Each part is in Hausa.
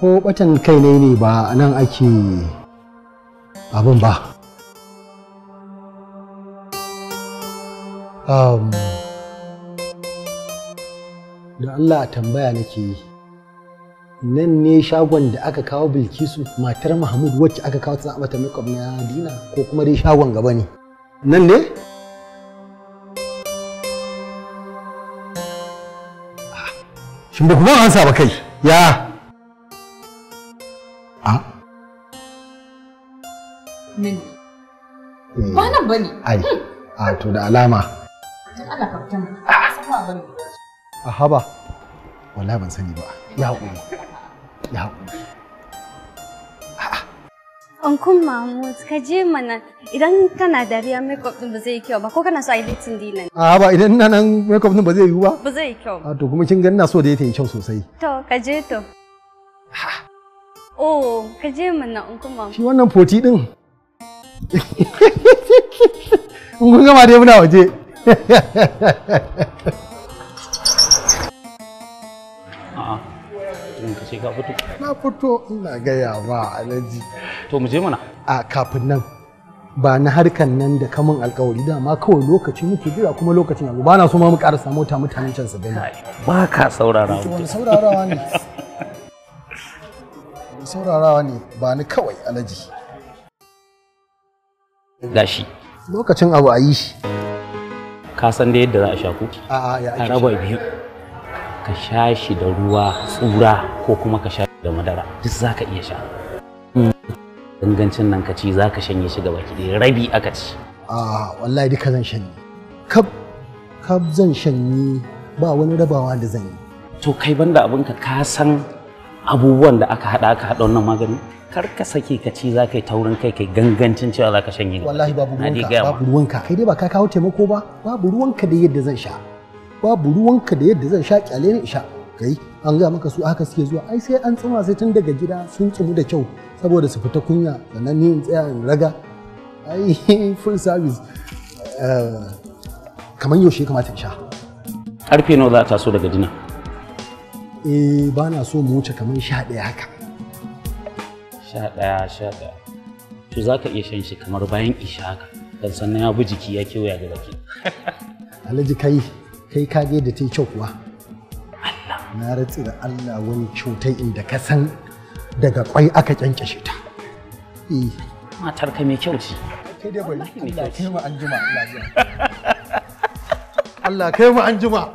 ko batan kai ne ne ba nan ake abin ba um, da Allah a tambaya nake yi nan ne shagon da aka kawo bilkisu matar mahmud wacce aka kawo tsaba ta makeup na dina ko kuma dai shagon gaba ne nan ne ah, shin ba kuma an saba kai ya a mini hmm. ba nan bane ai hmm. a to da alama Allah kaftan ah! a bane a haba wallahi ban sani ba ya hakuri ya hakuri Ankun Mahmud, ka je mana idan kana dariya makeup din ba zai yi kyau ba ko kana so a yi litin dinan. A ba idan ina nan makeup din ba zai yi ba. Ba zai yi kyau. A ah, to kuma kin ga ina so da yake yi kyau sosai. To ka je to. Oh, ka je mana uncle Shi wannan foti din. Mun kun gama dai muna waje. Na fito ina gaya ma alaji. To mu je mana. A kafin nan ba na harkan nan da kamun alkawari dama kawai lokaci muke jira kuma lokacin abu. ba na so ma mu ƙara samu ta mutanen can su gani. Ba ka saurara. Wani saurarawa ne. saurarawa ne ba ni kawai alaji gashi lokacin abu a yi shi ka san da yadda za a sha ku a raba biyu ka sha shi da ruwa tsura ko kuma ka sha shi da madara duk za ka iya sha dangancin mm. nan ka ci za ka shanye shi gaba ki rabi aka ci a wallahi duka zan shanye kab kab zan shanye ba wani rabawa da zan yi to kai banda abinka ka san abubuwan da aka haɗa aka haɗa wannan magani kar ka sake ka ci za ka yi taurin kai kai gangancin cewa za ka shanye wallahi babu ruwanka babu ruwanka kai dai ba ka kawo taimako ba babu ruwanka da yadda zan sha babu ruwanka da yadda zan sha kyale ne sha kai an ga maka su haka suke zuwa ai sai an tsima sai tun daga gida sun tsumu da kyau saboda su fita kunya sannan ni in tsaya in raga ai full service eh, kamar yaushe kamata in sha karfe nawa za ta so daga dina eh ba na so mu wuce kamar sha ɗaya haka sha ɗaya sha ɗaya to za ka iya shan shi kamar bayan isha haka dan sannan ya bi jiki ya kewaya ga baki alhaji kai kai ka ga da ta yi kyau kuwa Allah na ratsi da Allah wani cutai inda ka san daga kwai aka kyankyashe ta eh matar ka mai kyau ce kai dai bai Allah kai mu anjima Allah kai mu anjima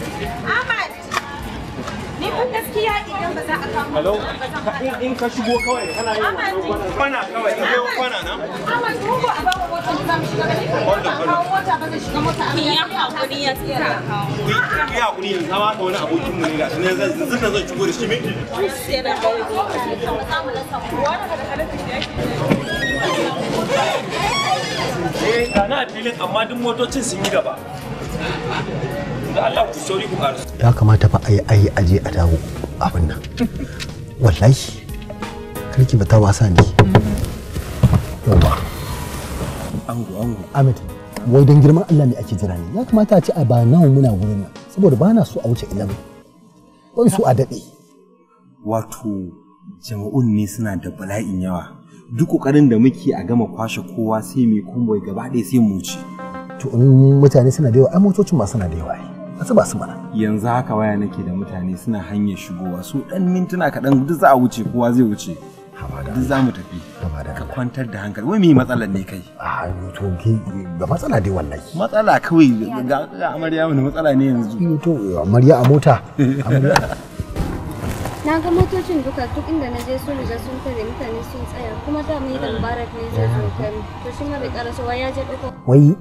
Ni kun gaskiya idan ba za a kama Hello in ka shigo kawai kana yin kwana kawai ka biyo kwana nan Amma mu ba a ba mu mota mu zamu ko ba ne kawo mota ba zai shiga mota a ya hakuri ya tsira ki ya hakuri yanzu ma ka wani abokin mu ne ga sunan zan zan zan shigo da shi mi sai da kawai ko ka samu wani daga halittar da yake Eh, ga na filin amma duk motocin sun yi gaba. ya kamata fa ayi ai aje a dawo abin nan wallahi karki ba wasa ne yawa ango ango amit wai dan girman Allah ne ake jira ne ya kamata a ci a ba nawa muna wurin nan saboda ba na so a wuce 11 ban so a daɗe. wato jama'un ne suna da bala'in yawa duk kokarin da muke a gama kwashe kowa sai mai kumboy gaba ɗaya sai mu ci to in mutane suna da yawa ai motocin ma suna da yawa masu basu mana yanzu haka waya nake da mutane suna hanyar shigowa su dan mintuna kaɗan duk za a wuce kowa zai wuce duk za mu tafi ka kwantar da hankali wai mai matsalar ne kai a to ga matsala dai wallahi matsala kawai ga amarya wani matsala ne yanzu eh, to amarya a mota na ga motocin duka duk inda na je sun riga sun tare mutane sun tsaya kuma da mai dan ne zai zo kai to shi ma bai karasowa ya je dauko wai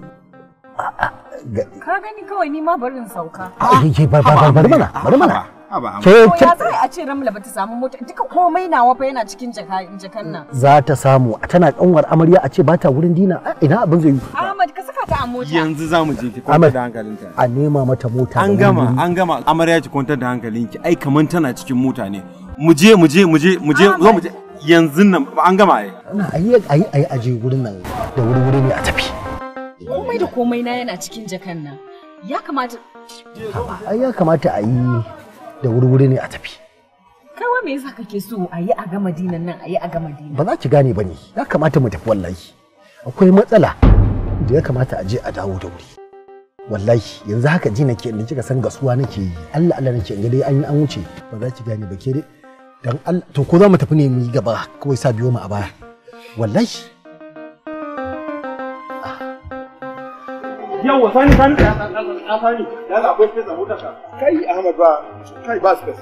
ka gani kawai ni ma barin sauka ke bar bar bari mana bari mana ke ke a ce ramla bata samu mota duka komai na wafa yana cikin jaka jakan nan za ta samu tana kanwar amarya a ce bata wurin dina ina abin zai yi Ahmad ka saka ta a mota yanzu za mu je ki kwanta da hankalinta a nema mata mota an gama an gama amarya ki kwanta da hankalinki ai kaman tana cikin mota ne mu je mu je mu je mu je zo mu je yanzu nan an gama ai ayi ayi ayi aje gurin nan da wuri wuri ne a tafi komai da komai na yana cikin jakan nan ya kamata ai ya kamata a yi da wurwuri ne a tafi kai me yasa kake so a yi a ga madinan nan a yi a ga madina ba za ki gane ba ne ya kamata mu tafi wallahi akwai matsala da ya kamata a je a dawo da wuri wallahi yanzu haka ji nake inda kika san gasuwa nake yi Allah Allah nake in ga dai an yi an wuce ba za ki gane ba ke dai dan Allah to ko za mu tafi ne mu yi gaba kawai sa biyo mu a baya wallahi Yau yawa sani sani sani yana akwai space a motarka kai ahmad ba kai ba space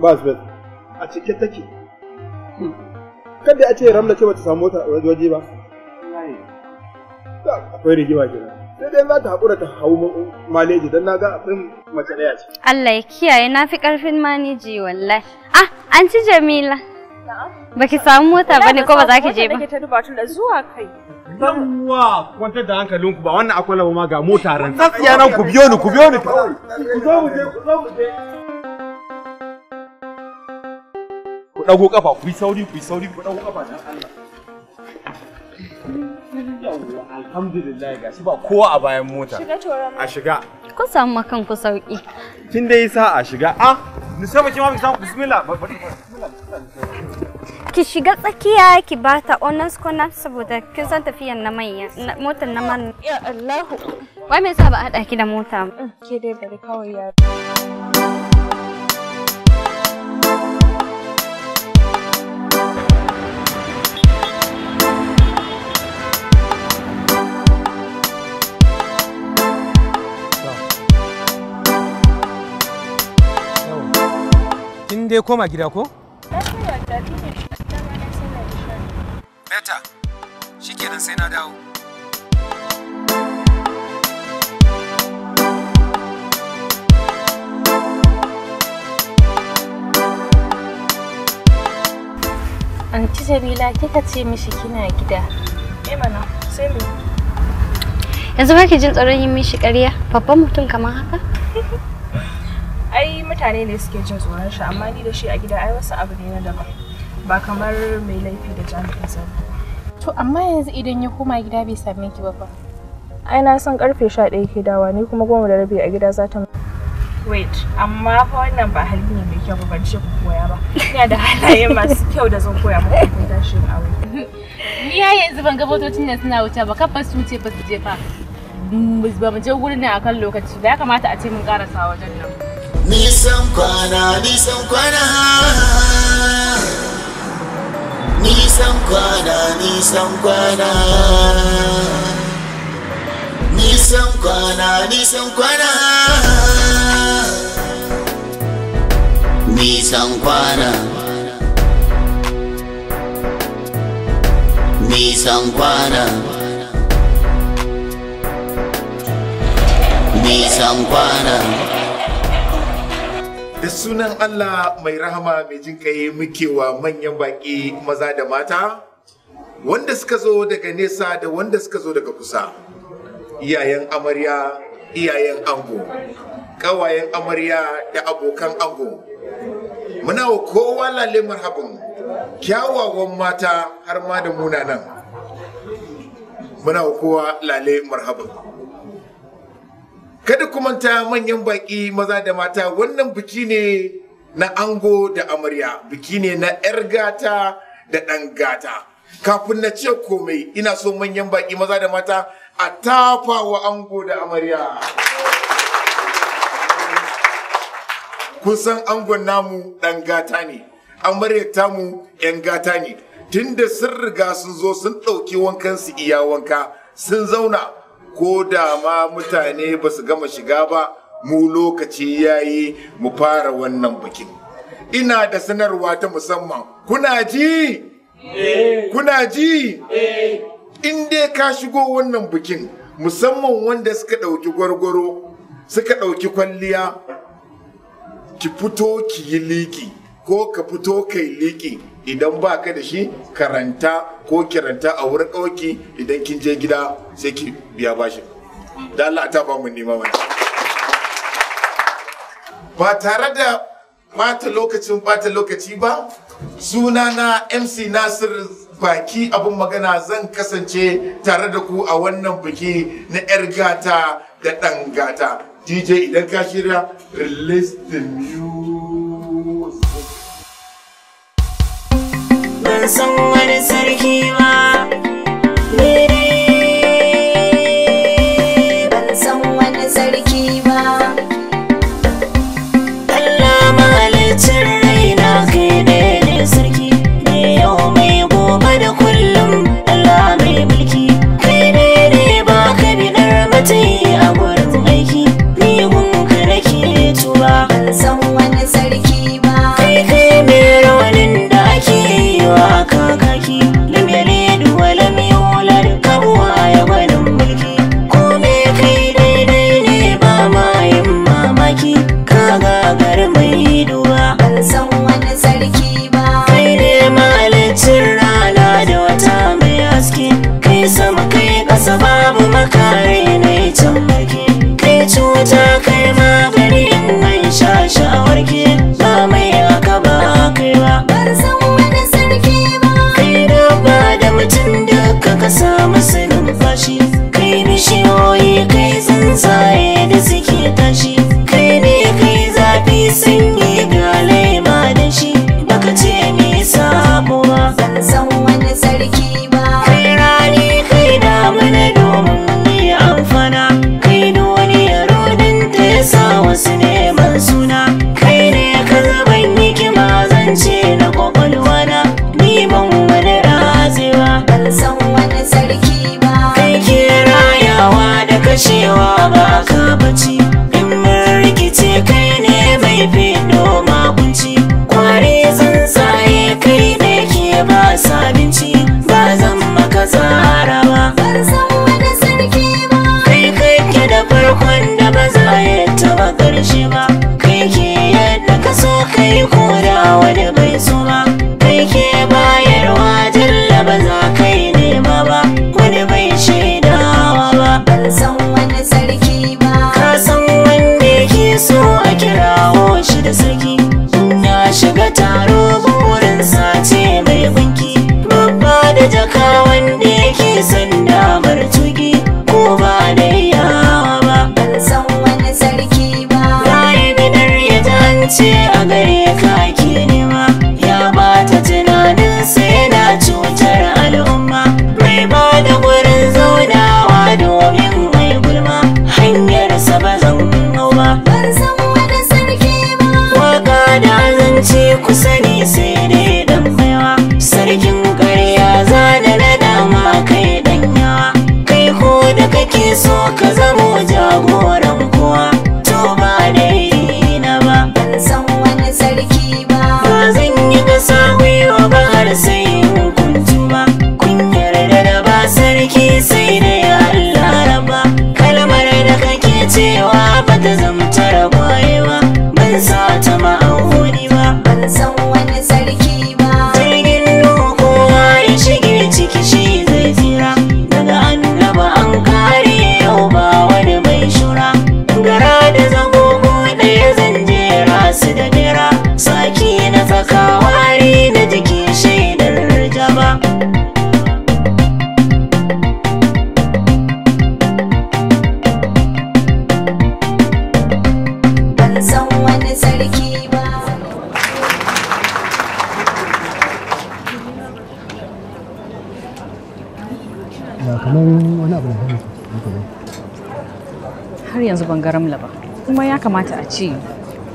ba space a cike take kada a ce ramla ce bata samu mota waje ba akwai rigima kenan sai dai za ta haƙura ta hau maleji don na ga abin mace ɗaya ce. Allah ya kiyaye na fi ƙarfin maneji wallahi. Ah, an ci Jamila. Baki samu mota ba ne ko ba za ki je ba. Wallahi ba ta duba da zuwa kai. Yawwa, kwantar da hankalinku ba wannan akwai laba ma ga mota ran. Tsatsiya nan ku biyo ni, ku biyo ni. Ku zo ku je, ku zo ku je. Ku dago kafa, ku yi sauri, ku yi sauri, ku dago kafa dan Allah. Alhamdulillah alhamdulillah shi ba kowa a bayan mota. Shiga A shiga. ku samu makan ku sauki. Kin dai a shiga. Ah, ni sai ba ki ma Bismillah. Bismillah. كشغل تكياي كبارتا أونس كنا سبودا كنسان تفيا النمية موت النمان يا الله واي من سابق هذا كده موتا كده بريكاوي Tinde koma gida ko? nan sai na dawo Anti Jamila kika ce mishi kina gida. Eh mana, sai me? Yanzu ba ki jin tsoron yin mishi ƙarya? Babban mutum kamar haka? Ai mutane ne suke jin tsoron shi, amma ni da shi a gida ai wasu abu ne na daban. Ba kamar mai laifi da jami'in tsaro. To amma yanzu idan ya koma gida bai same ki ba fa. Ai na san karfe 11 ke dawa ni kuma goma da rabi a gida za ta Wait, amma fa wannan ba hali ne mai kyau ba ban ce ku koya ba. Ina da halaye masu kyau da zan koya muku kun tashin aure. Ni ya yanzu ban ga botocin da suna wuce ba kafa su wuce ba su je fa. Ba mu je gurin nan akan lokaci da ya kamata a ce mun karasa wajen nan. Nisan kwana, nisan kwana. nisan kwana nisan kwana nisan kwana nisan kwana nisan kwana nisan kwana nisan kwana da sunan Allah mai rahama mai jin kai muke wa manyan baƙi maza da mata wanda suka zo daga nesa da wanda suka zo daga kusa iyayen amarya iyayen ango kawayen amarya da abokan ango muna wa kowa lalle marhabin kyawawan mata har ma da munanan muna wa kowa lalle marhabin kada ku manta manyan baƙi maza da mata wannan biki ne na ango da amarya biki ne na 'yar gata da ɗan gata kafin na ce komai ina so manyan baƙi maza da mata a tafa wa ango da amarya kun san angon namu ɗan gata ne amarya tamu 'yan gata ne tunda sun riga sun zo sun ɗauki wankan su iya wanka sun zauna ko da ma mutane ba su gama shiga ba mu lokaci ya yi mu fara wannan bikin ina da sanarwa ta musamman kuna ji eh. kuna ji eh. in dai ka shigo wannan bikin musamman wanda suka ɗauki gwargwaro suka ɗauki kwalliya ki fito ki yi liki ko ka fito kai liƙi idan ba ka da shi karanta ko kiranta a wurin ɗauki idan kin je gida sai ki biya bashi da Allah ta ba mu nima mana ba tare da bata lokacin bata lokaci ba suna na mc nasir baki abin magana zan kasance tare da ku a wannan biki na 'yar gata da ɗan gata dj idan ka shirya release the music ban san wani sarki ba. da taro burin sace mai binki babba da jaka wanda yake san damar tugi ko ba da yawa ba ban san wani sarki ba rayu bidar ya dance a gari ya kamata a ce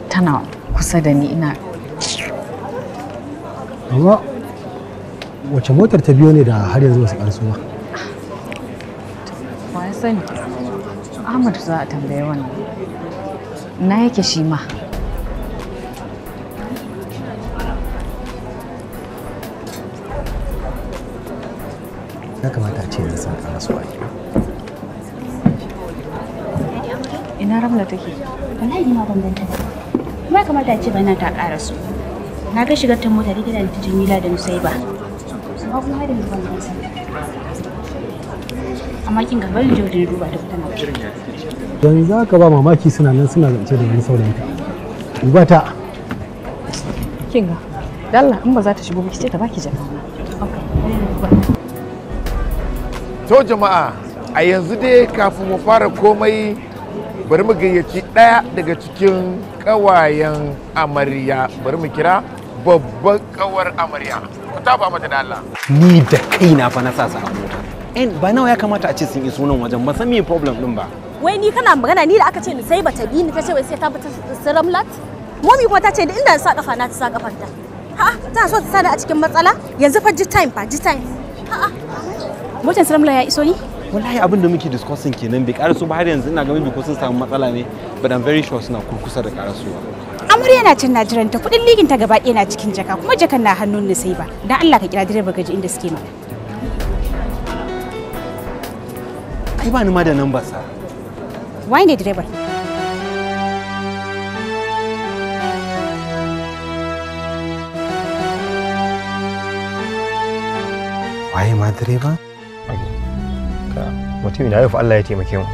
tana kusa da ni ina amma wace motar ta biyo ne da har yanzu wasu karsu ba wa ya sani ahmad za a tambaye wannan na yake shi ma ya kamata a ce yanzu sun ba ina ramla take wallahi ni ma ban ganta ba kuma kamata a ce bai na ta ƙara su na ga shigar ta mota da ta jimila da nusaiba amma kuma har yanzu ban gansa amma kin ga bari jodi na duba ta fita na yanzu za ka ba mamaki suna nan suna zance da wani saurayin ta duba ta kin ga dalla in ba za ta shigo ba ki ce ta baki jaka to jama'a a yanzu dai kafin mu fara komai bari mu gayyaci ɗaya daga cikin ƙawayen amarya bari mu kira babban ƙawar amarya ku ba mata da Allah ni da kaina fa na sa su a mota en ba nawa ya kamata a ce sun iso nan wajen ba san me problem din ba wai ni kana magana ni da aka ce ni sai bata bi ni ta ce wai sai ta bata siramlat momi kuma ta ce da inda sa kafa na ta sa kafar ta ha ta so ta sani a cikin matsala yanzu fa ji time fa ji time ha motan siramlat ya iso ni wallahi abin da muke discussing kenan bai karaso ba har yanzu ina ga maybe sun samu matsala ne but i'm very sure suna kurkusa da karasuwa amarya na can najiran ta kudin ligin ta gaba ɗaya na cikin jaka kuma jakan na hannun ne sai ba dan Allah ka kira direba gaji inda suke ma kai ba ni ma da number sa why ne direban waye ma direban mutum na yau Allah ya taimake mu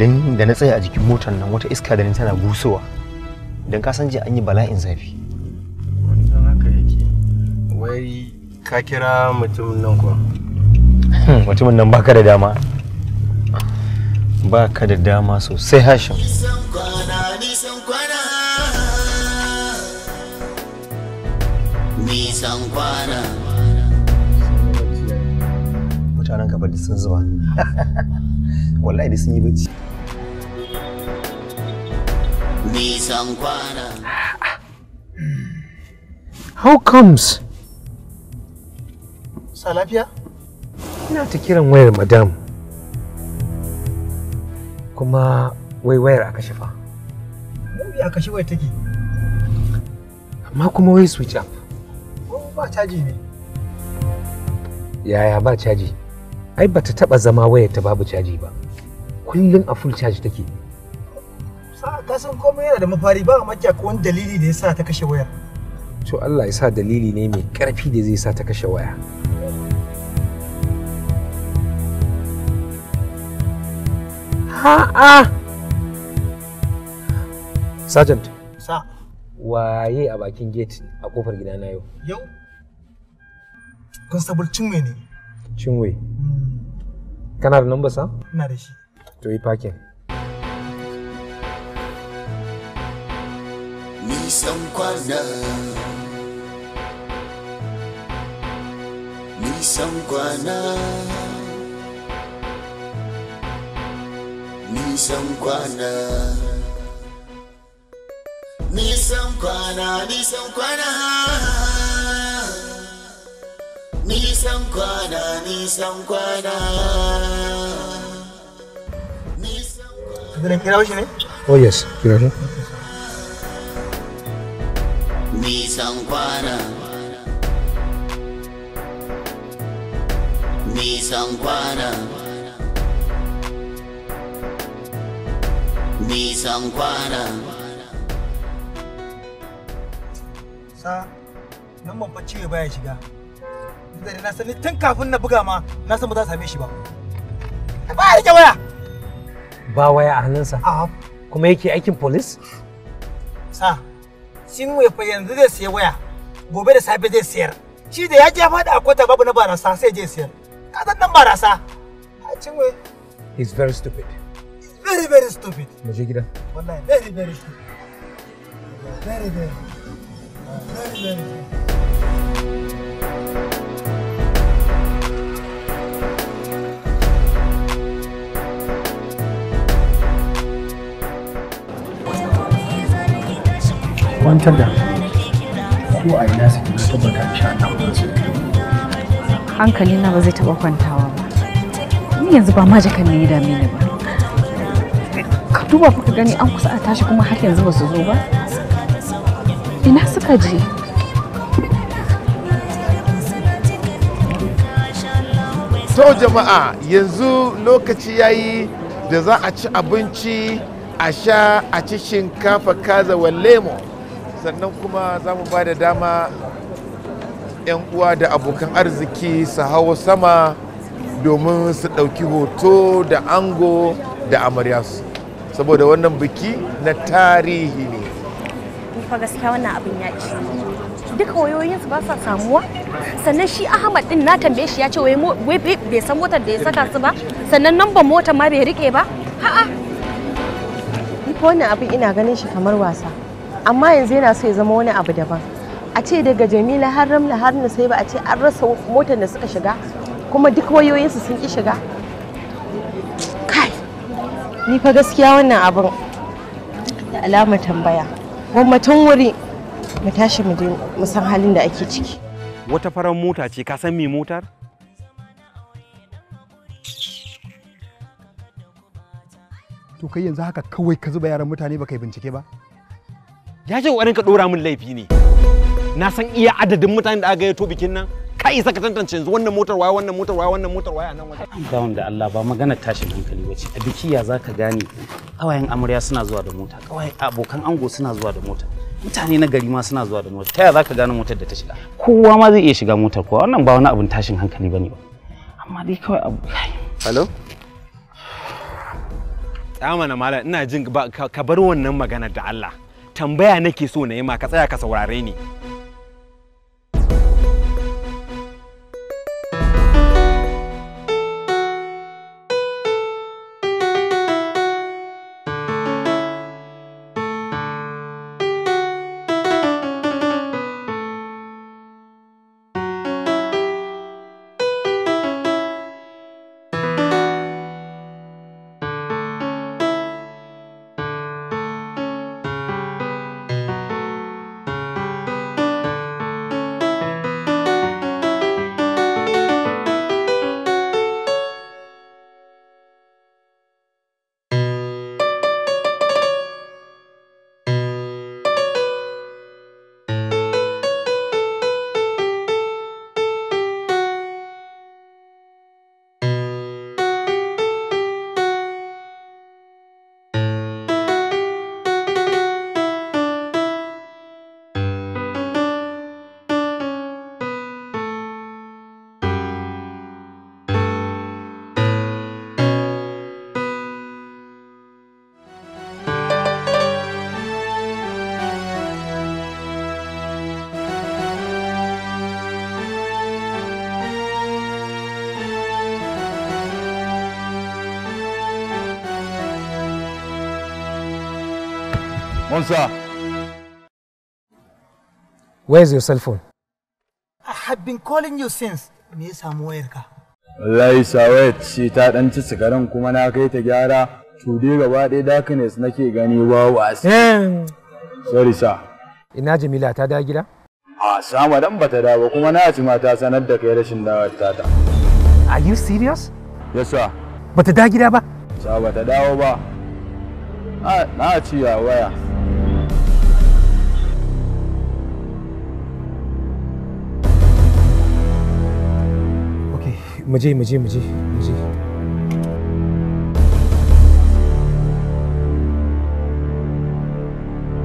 don da na tsaya a jikin motar nan wata iska da ni tana busowa don ka san je an yi bala'in zafi wannan haka yake wai ka kira mutumin nan kuwa hmm, mutumin nan baka da dama baka da dama sosai hashim nisan kwana mutanen gaba da sun zuba wallahi da sun yi bacci nisan kwana how comes sa lafiya ina ta kiran wayar madam kuma wai wayar aka shafa ya kashe wayar take amma kuma wai switch up ba caji ne yaya ba caji ai ba ta taba zama wayar ta babu caji ba kullum a full charge take ka san komai yana da mafari ba makiya ko wani dalili da yasa ta kashe waya. to Allah ya sa dalili ne mai karfi da zai sa ta kashe waya ha'a sergeant sa waye a bakin gate a kofar gidana yau yau constable chinwe ne chinwe mm. kana da number sa ina da shi to yi parking nisan kwana nisan kwana nisan kwana nisan kwana nisan kwana nisan kwana nisan kwana Oh yes, kira shi. Nisan kwana Nisan kwana Nisan kwana Sa, nan babban ciwo baya shiga. da dare na sani tun kafin na buga ma na san ba za same shi ba ba ya rike waya ba waya a hannunsa kuma yake aikin polis. sa sinwe fa yanzu zai sayi waya gobe da safe zai sayar shi da ya je faɗi a kwata babu na barasa sai je sayar ka san nan barasa a cinwe he's very stupid he's very very stupid mu je gida wallahi very very stupid very very very very kwantar da ko a ina suke ke tabbata insha Allah ba su hankali na ba zai taba kwantawa ba ni yanzu ba ma jakan ne ya dame ni ba ka duba ku ka gani an kusa a tashi kuma har yanzu ba su zo ba ina suka je To jama'a yanzu lokaci yayi da za a ci abinci a sha a ci shinkafa kaza wa lemon sannan kuma za mu ba da dama 'yan uwa da abokan arziki su hawo sama domin su ɗauki hoto da ango da amaryasu saboda wannan biki na tarihi ne fa gaskiya wannan abin ya ci duka wayoyinsu ba sa samuwa sannan shi ahmad din na tambaye shi ya ce wai bai san motar da ya saka su ba sannan namban motar ma bai rike ba ha'a ni wannan abin ina ganin shi kamar wasa amma yanzu yana so ya zama wani abu daban a ce daga jamila har ramla har na sai ba a ce an rasa motar da suka shiga kuma duk wayoyinsu sun ki shiga kai ni fa gaskiya wannan abin da alamar tambaya gwamnatin wuri mu tashi mu je mu san halin da ake ciki wata farar mota ce ka san me motar to kai yanzu haka kawai ka zuba yaran mutane ba kai bincike ba ya ce ƙoƙarin ka ɗora min laifi ne na san iya adadin mutanen da aka to bikin nan ka isa ka tantance yanzu wannan motar waya wannan motar waya wannan motar waya nan wajen down da Allah ba magana tashin hankali wace a biki ya zaka gane kawayen amarya suna zuwa da mota kawayen abokan ango suna zuwa da mota mutane na gari ma suna zuwa da mota ta yaya zaka gane motar da ta shiga kowa ma zai iya shiga motar kowa wannan ba wani abin tashin hankali bane ba amma dai kawai abu hello tsama na malam ina jin ka bar wannan magana da Allah tambaya nake so na yi ma ka tsaya ka saurare ni Monsa. Where's your cell phone? I have been calling you since. Me ya samu wayarka? Wallahi Sawet shi ta dan ci sigaran kuma na kai ta gyara. Tude gaba ɗaya darkness nake gani wawa. Hmm. Sorry sa. Ina Jamila ta da gida? A sama dan bata dawo kuma na ci mata sanar da kai rashin dawar ta. Are you serious? Yes sir. Bata da gida ba? Sa bata dawo ba. Na ci a waya. mu je mu je mu je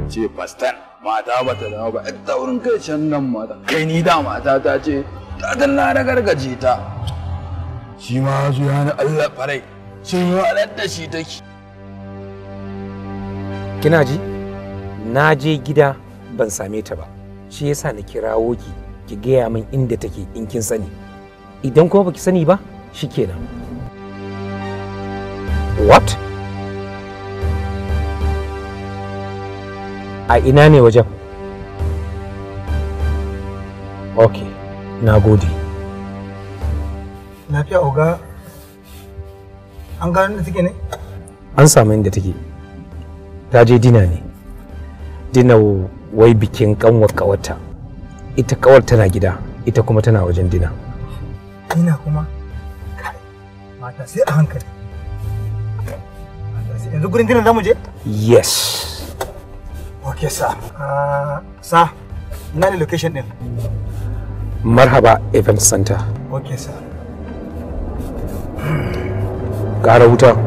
ce fastan mata ba ta dawo ba ɗan taurin kai can nan mata kai ni da mata ta ce ta danna da gargaje ta shi ma su ya ni Allah farai sun halar da shi take kina ji na je gida ban same ta ba shi yasa na kirawo ki ki gaya min inda take in kin sani idan kuma baki sani ba shikenan what a ina ne wajen ok na gode lafiya oga an gano inda take ne an samu inda take ta je dina ne dina wai bikin kanwar kawarta ita kawar tana gida ita kuma tana wajen dina ina kuma mata sai a hankali yanzu gurin dinar zamu je yes ok sa ah, sa ina ne location din marhaba event center ok sa ƙara wuta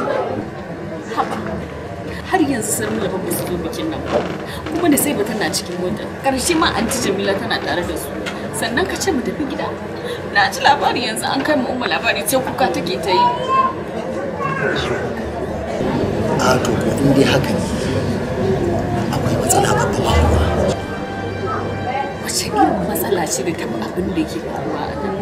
har yanzu nuna babu su zo bikin nan kuma da sai ba tana cikin mota karshe ma anti jamila tana tare da su sannan ka ce mu tafi gida na ji labari yanzu an kai mu umma labari ce kuka take ta yi a to ko in dai haka ne akwai matsala ta ba wace irin matsala ce da tafi abin da ke faruwa a nan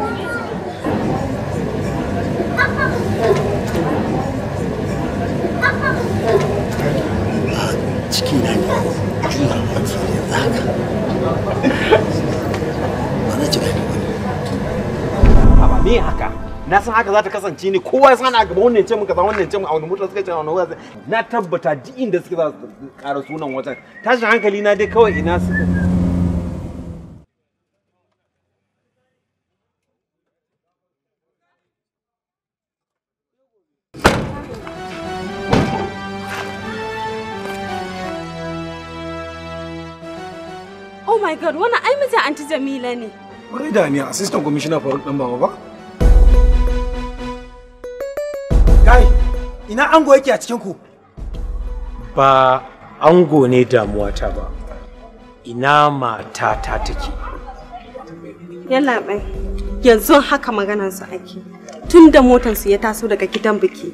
ciki na ne Allah wanzu yanzu haka ba na ci a gaba wannan ce mun kaza suka ce a na tabbata duk inda suke za su ƙara sunan wajen tashin hankali na dai kawai ina suka my god, wani ai mijin anti Jamila ne. Wai da ni assistant commissioner Faruk dan baba ba? Kai, ina ango yake a cikin ku? Ba ango ne damuwata ba. Ina ta take. Yalla bai. Yanzu haka maganar su ake. Tun da motar su ya taso daga gidan biki.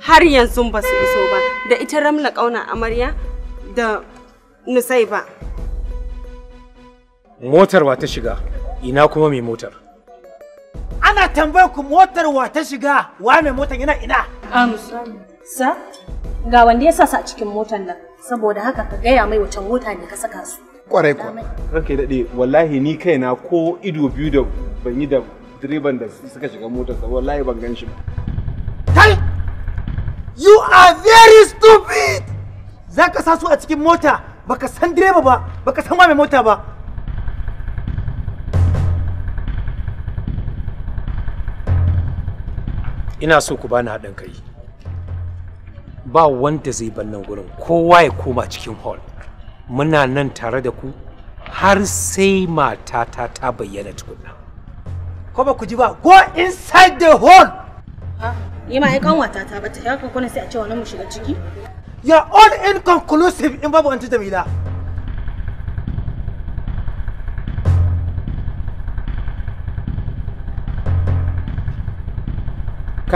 Har yanzu ba su iso ba da ita ramla kauna amarya da Nusaiba. motar wa ta shiga ina kuma mai motar ana tambayar ku motar wa ta shiga wa mai motar yana ina am sa ga wanda ya sa su a cikin motar nan saboda haka ka gaya mai wacan mota ne ka saka su kwarai kwa kake daɗe wallahi ni kaina ko ido biyu da ban yi da direban da suka shiga motar sa wallahi ban gan shi ba kai you are very stupid zaka sa su a cikin mota baka san direba ba baka san wa mai mota ba ina so ku bani haɗin kai ba wanda zai ban nan gurin kowa ya koma cikin hall muna nan tare da ku har sai mata ta ta bayyana tukunna ko ba ku ji ba go inside the hall ah, ni ma ai wata ta bata ya kan kuna sai a ce wannan mu shiga ciki ya all inconclusive in babu anti jamila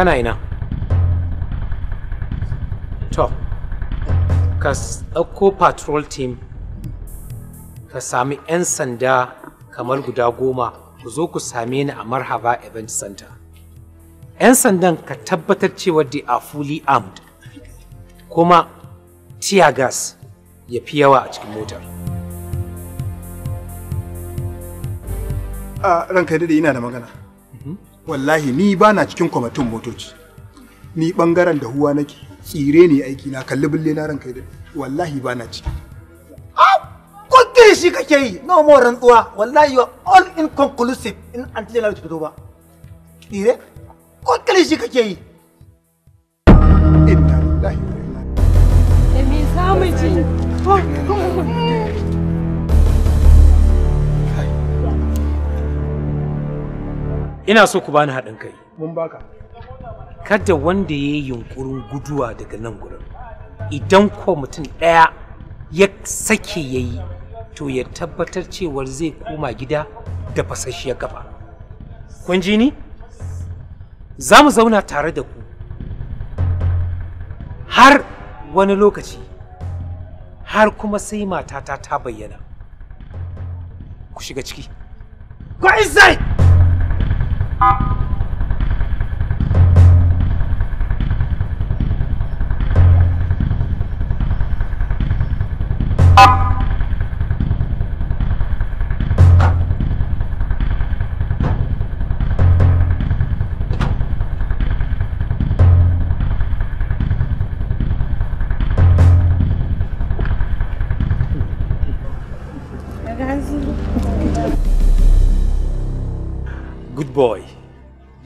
kana ina to ka ɗauko patrol team ka sami 'yan sanda kamar guda goma ku zo ku same ni a marhaba event center 'yan sandan ka tabbatar cewa they are fully armed kuma tear gas ya fi yawa a cikin motar a ranka da ina da magana wallahi ni ba na cikin kwamitin motoci ni bangaren da huwa nake tsire ne aiki na kalli bille na ranka da wallahi ba na ci kuntun shi kake yi na mu rantsuwa wallahi you are all inconclusive in until na fito ba tsire kuntun shi kake yi inna lillahi wa inna ilaihi raji'un me za mu ina so ku bani haɗin kai mun baka kada wanda ya yi yunkurin guduwa daga nan gurin idan ko mutum ɗaya ya sake ya yi to ya tabbatar cewar zai koma gida da fasashiyar gaba kun ji ni za mu zauna tare da ku har wani lokaci har kuma sai matata ta bayyana ku shiga ciki ku izai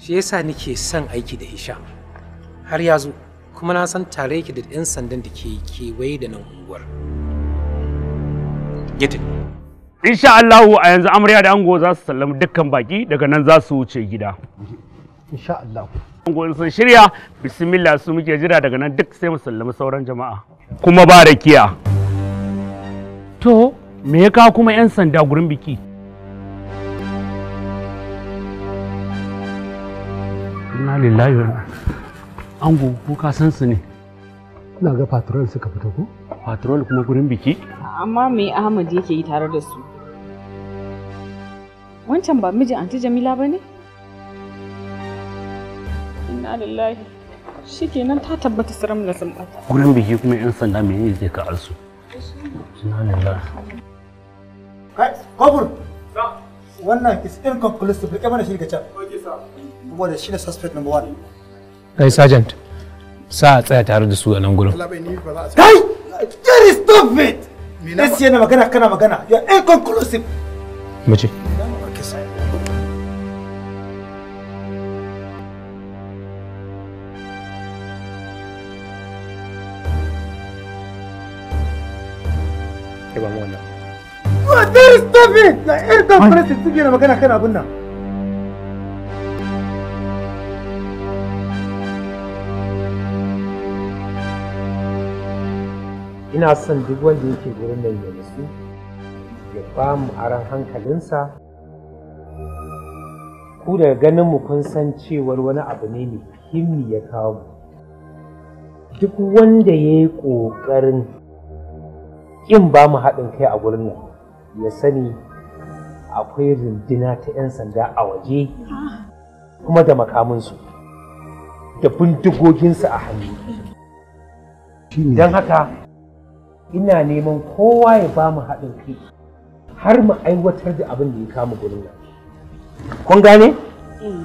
shi yasa nake son aiki da Hisham har yazo kuma na san tare yake da 'yan sandan da ke kewaye da nan unguwar. Get Insha Allahu a yanzu amarya da ango za su sallama dukkan baki daga nan za su wuce gida. Insha Allahu. Ango sun shirya bismillah su muke jira daga nan duk sai mu sallami sauran jama'a. Kuma ba kiya. To me ya kawo kuma 'yan sanda gurin biki? Inna lillahi wa Ango ko ka san su ne? Ina ga patrol suka fita ko? Patrol kuma gurin biki? Amma me Ahmad yake yi tare da su? Wancan ba miji anti Jamila ba ne? Inna lillahi. Shikenan ta tabbata siram da sun bata. Gurin biki kuma 'yan sanda me zai ka arsu? Inna lillahi. Kai, kofur! Wannan is inconclusive, rike mana shi daga can. saboda shi ne suspect number one kai sergeant sa a tsaya tare da su a nan gurin kai there stop it Yes, yana magana kana magana. You are inconclusive. Mace. Ba mu wannan. Oh, stop it. inconclusive. magana kana abin nan. ina son duk wanda yake wurin nan ya nutsu ya ba mu aran hankalinsa ku daga ganin mu kun san cewar wani abu ne mai himmi ya kawo duk wanda ya yi ƙoƙarin ƙin ba mu haɗin kai a gurin nan ya sani akwai rundina ta 'yan sanda a waje kuma da makaminsu da bindigoginsu a hannu don haka ina neman kowa ya ba mu haɗin kai har mu aiwatar da abin da ya kama gurin nan kun gane eh.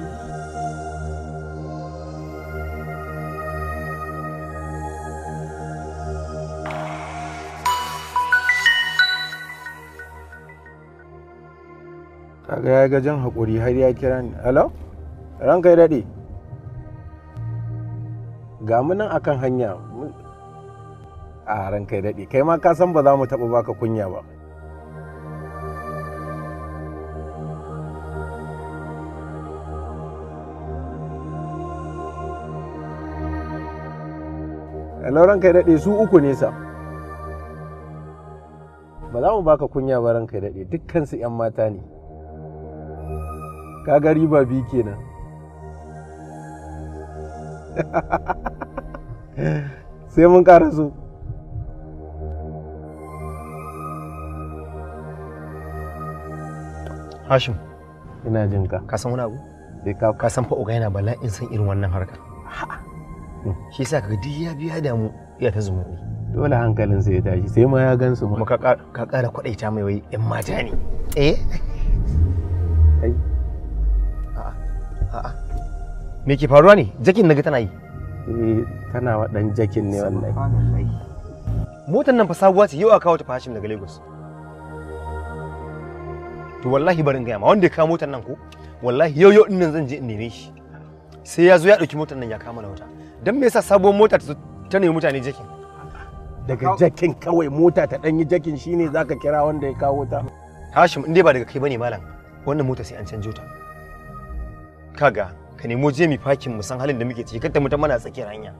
kaga ya ga jan haƙuri har ya kira ni hello ranka ya daɗe ga mu nan akan hanya a ranka ya daɗe kai ma ka san ba za mu taɓa baka kunya ba lauran kai daɗe su uku nesa ba za mu baka kunya ba ran ranka daɗe dukkansu 'yan mata ne kaga riba biyu kenan sai mun ƙara su Hashim. Ina jin ka. Ka san wani abu? Bai ka ka san fa uga yana bala in san irin wannan harka. Hmm. Shi yasa ka duk ya biya damu ya ta zumuɗi. Dole hankalin sai ya tashi sai ma ya gansu ma. Ka ka ƙara kwaɗaita mai wai ƴan mata ne. Eh? Ai. A'a. A'a. Me ke faruwa ne? Jakin naga tana yi. Eh, tana wa dan jakin ne wallahi. Motan nan fa sabuwa ce yau aka kawo ta fashin daga Lagos. to wallahi barin gaya ma wanda ya kawo motar nan ko wallahi yau yau nan zan je in neme shi sai ya zo ya dauki motar nan ya kama na wuta dan me yasa sabuwar mota ta nemi mutane jakin daga jakin kawai mota ta danyi jakin shine zaka kira wanda ya kawo ta Hashim in dai ba daga kai bane malam wannan mota sai an canjo ta kaga ka nemo je mi fakin mu san halin da muke ciki kada mu ta mana tsakiyar hanya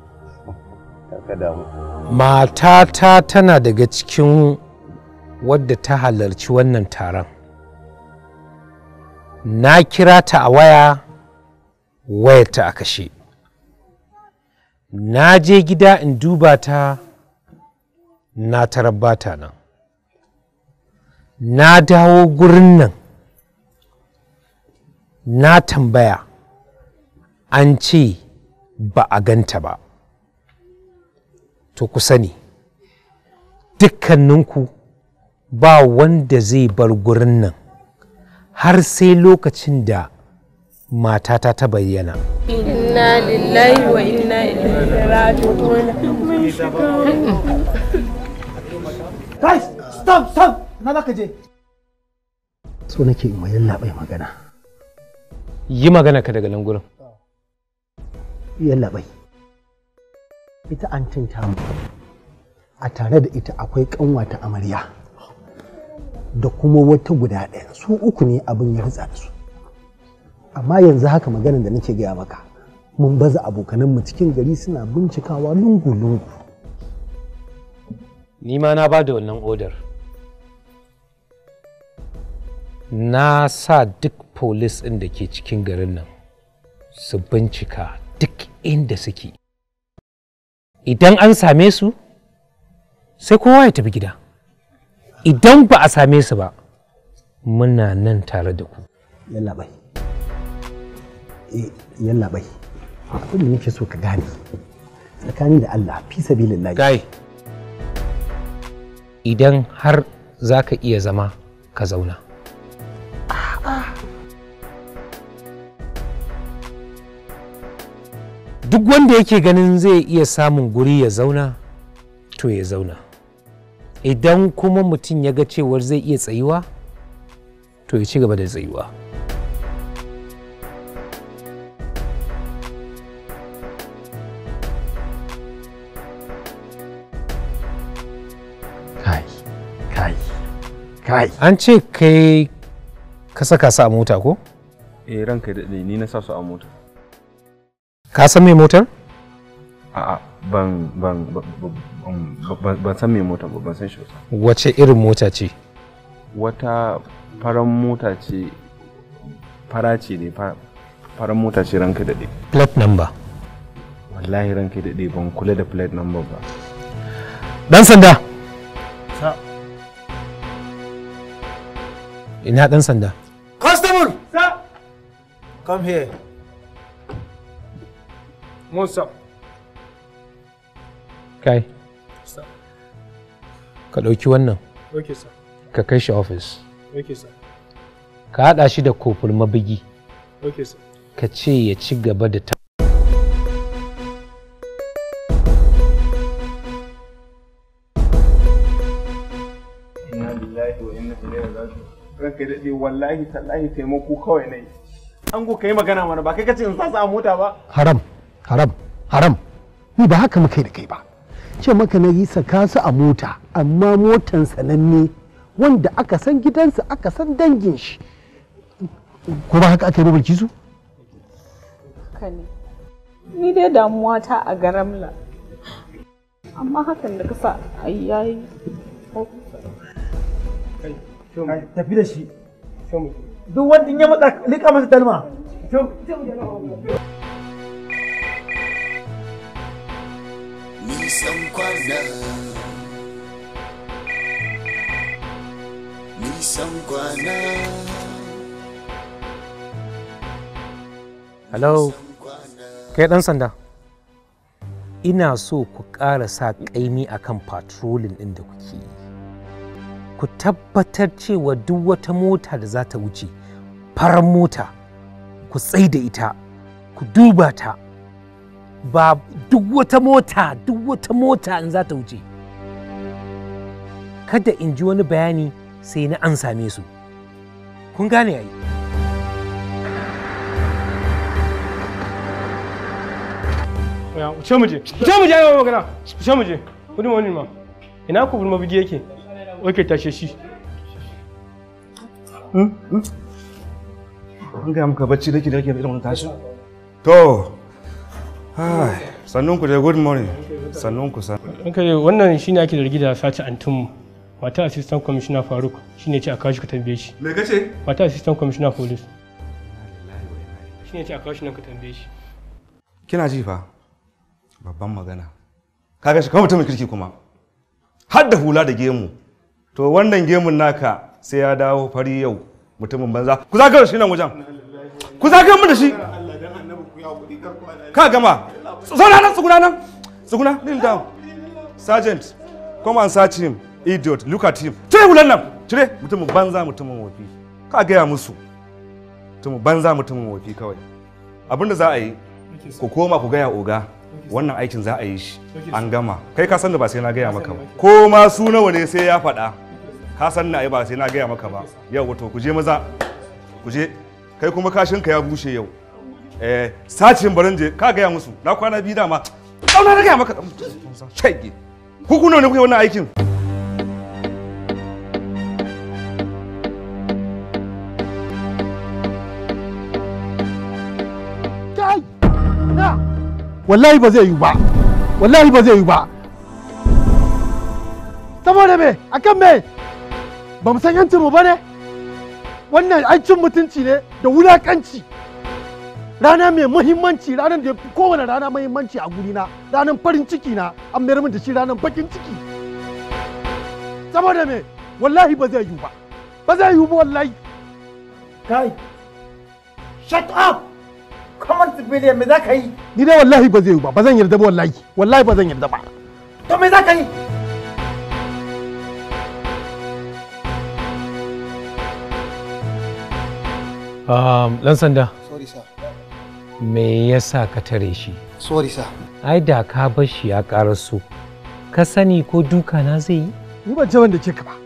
matata tana daga cikin wadda ta halarci wannan taron na kira ta a waya ta a kashe na je gida in duba ta na tarabbata nan na dawo gurin nan na tambaya an ce ba a ganta ba to ku sani dukkaninku ba wanda zai bar gurin nan har sai lokacin da matata ta bayyana. Inna lillahi wa inna ilaihi stop, stop. Na za ka je? So nake in wayan labai magana. Yi magana ka daga nan gurin. Yan labai. Ita an tinta mu. A tare da ita akwai kanwa ta amarya. da kuma wata guda ɗaya su uku ne abin ya rutsa da su amma yanzu haka maganin da nake gaya maka mun baza abokananmu cikin gari suna bincikawa lungu-lungu ni ma na bada wannan odar na sa duk polis ɗin da ke cikin garin nan su bincika duk inda suke idan an same su sai kowa ya tafi gida idan ba a same su ba muna nan tare da ku yallaɓai eh, yallaɓai abin da nake so ka gane tsakani da Allah fi sabilillahi idan har za ka iya zama ka zauna duk wanda yake ganin zai iya samun guri ya zauna to ya zauna idan kuma mutum ya ga cewar zai iya tsayuwa to ya ci gaba da tsayuwa kai kai kai an ce kai ka saka su a mota ko? eh ranka da ni na sa su a mota ka san mai motar? a'a ban ban Mm, ban san mai mota ba ban san shi wace irin mota ce wata faran mota ce fara ce ne faran mota ce ranka daɗe plate number wallahi ranka daɗe ban kula da plate number ba dan sanda ina dan sanda customer sa come here Musa. Kai. Okay. ka ɗauki wannan ka kai shi ofis ka haɗa shi da kofin mabigi ka ce ya ci gaba da ta ranka daɗe wallahi tallahi taimako kawai na yi an go kai magana mana ba kai kace in sa mota ba haram haram haram ni ba haka muka yi da kai ba ce maka na yi saka su a mota amma motan sananne wanda aka san gidansa aka san dangin shi ko ba haka aka yi babarki su ni dai damuwa ta a garamla amma hakan da kasa ai tafi da shi duk wanda ya matsa lika masa dalma kwana nisan kwana hello kai dan sanda ina so ku ƙara sa ƙaimi akan patrolin ɗin da kuke yi ku tabbatar cewa duk wata mota da za ta wuce farar mota ku tsaida ita ku duba ta ba duk wata mota duk wata mota in za ta wuce kada in ji wani bayani sai na an same su kun gane yayi ce mu je wuce mu je magana ce mu je wani wani ma ina ku burma bigi yake oke tashe shi hmm? Hmm? an ga muka bacci da ke da ke da irin wani tashi to sannunku da good morning sannunku ku san shi wannan ake zargi da sace antum mata assistant commissioner faruk shi ne ce a shi ka tambaye shi me kace mata assistant commissioner police ne ce a shi nan ka tambaye shi kina ji fa babban magana kaga shi kuma mutumin kirki kuma har da hula da gemu to wannan gemun naka sai ya dawo fari yau mutumin banza ku zagar shi nan wajen ku zagar mu da shi ka gama zauna nan tsuguna nan tsuguna kneel down sergeant come and search him idiot look at him cire hulan nan cire mutumin banza mutumin wofi ka gaya musu mutumin banza mutumin wofi kawai abinda za a yi ku koma ku gaya oga wannan aikin za a yi shi an gama kai ka san da ba sai na gaya maka ba ko ma su nawa ne sai ya faɗa ka san na ba sai na gaya maka ba yau wato ku je maza ku je kai kuma kashinka ya bushe yau eh sacin barin je ka gaya musu na kwana biyu dama ɗauna na gaya maka shaƙi hukuna ne kuke wannan aikin wallahi ba zai yi ba wallahi ba zai yi ba saboda me akan me ba mu san yancin mu ba ne wannan aikin mutunci ne da wulakanci rana mai muhimmanci ranar da kowane rana muhimmanci a gurina ranar farin ciki na an mayar min da shi ranar bakin ciki saboda me wallahi ba zai yiwu ba ba zai yiwu ba wallahi kai shut up kamar civilian me za ka yi ni dai wallahi ba zai yiwu ba ba zan yarda ba wallahi wallahi ba zan yarda ba to me za ka yi Um, sanda. Sorry, sir. me yasa ka tare shi sorry sir ai da ka bar shi ya karaso ka sani ko duka na zai yi ni ban ce ban da ke ka ba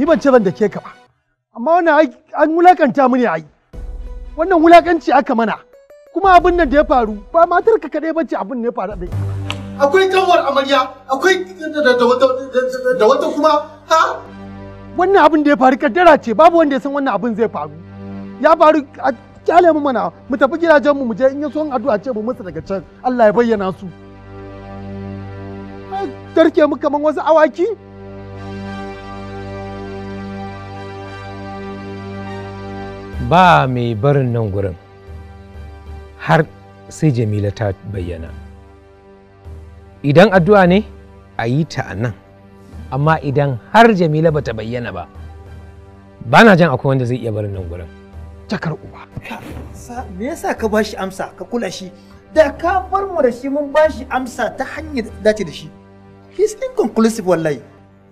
ni ban ce ban da ke ka ba amma wannan an wulakanta mu ne ai wannan wulakanci aka mana kuma abin nan da ya faru ba matar ka kaɗai bace abin ne ya faru dai akwai kanwar amarya akwai da wata kuma ha wannan abin da ya faru kaddara ce babu wanda ya san wannan abin zai faru ya faru kyale mu mana mu tafi gidajen mu mu je in ya son addu'a ce mu musu daga can Allah ya bayyana su tarke mu kaman wasu awaki ba mai barin nan gurin har sai jamila ta bayyana idan addu'a ne a yi ta a nan amma idan har jamila bata bayyana ba ba na jan akwai wanda zai iya barin nan gurin takar uba. Me yasa ka ba shi amsa ka kula shi da ka bar mu da shi mun ba shi amsa ta hanyar dace da shi. He's inconclusive wallahi.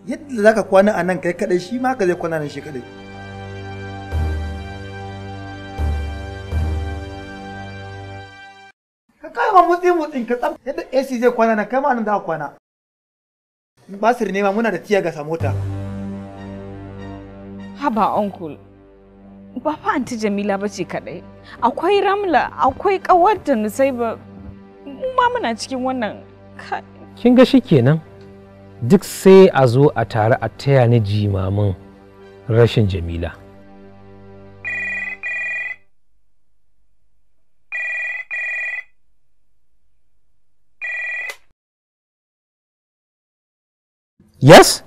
Yadda za ka kwana a nan kai kaɗai shi ma ka zai kwana nan shi kaɗai. Ka kama mutsi mutsin ka tsam yadda AC zai kwana nan kai ma nan za ka kwana. Basir ne ma muna da tiya gasa mota. Haba uncle. ba fa anti jamila ba ce kadai akwai ramla akwai kawarta ba ma muna cikin wannan kin ga shikenan duk sai a zo a tare a taya ni jimamin rashin jamila yes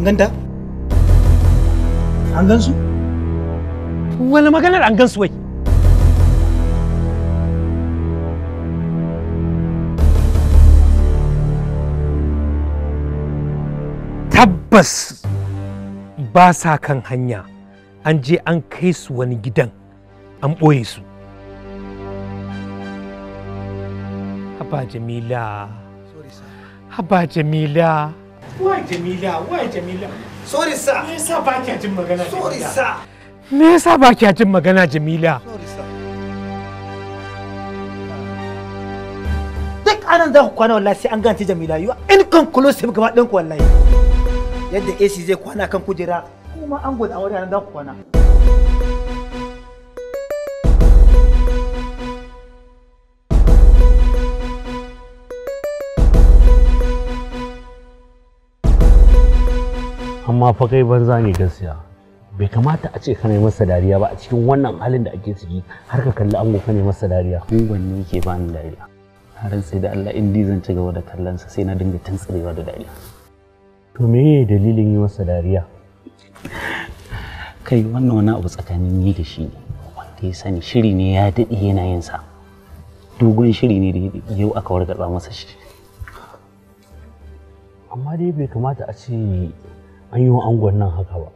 An ganta? An gansu? Wani maganar an gansu wai. Tabbas ba sa kan hanya an je an kai su wani gidan an ɓoye su. Haba Jamila. Haba Jamila. wai jamila wai jamila sorry sir me yasa ba kya jin magana sorry sir me yasa ba kya jin magana jamila sorry sir duk anan za ku kwana wallahi sai an ganci jamila you are inconclusive gaba ɗanku wallahi yadda AC zai kwana kan kujera kuma an gwada aure nan za ku kwana ma fa kai banza ne gaskiya bai kamata a ce ka kana masa dariya ba a cikin wannan halin da ake ciki har ka kalli ango kana masa dariya ni wanne yake ba dariya har sai da Allah in zan ci gaba da kallon sa sai na dinga tantsarewa da dariya to me dalilin yi masa dariya kai wannan wani abu tsakanin ni da shi ne wanda ya sani shiri ne ya daɗe yana yin sa dogon shiri ne da yau aka wargatsa masa shi amma dai bai kamata a ce an yi wa angon nan haka ba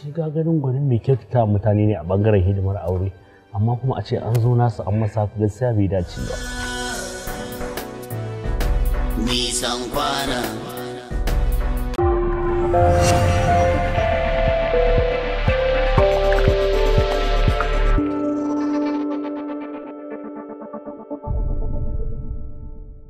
shi ga ganin gwanin mai kyautata mutane ne a bangaren hidimar aure amma kuma a ce an zo nasu an masa gaskiya bai dace ba nisan kwana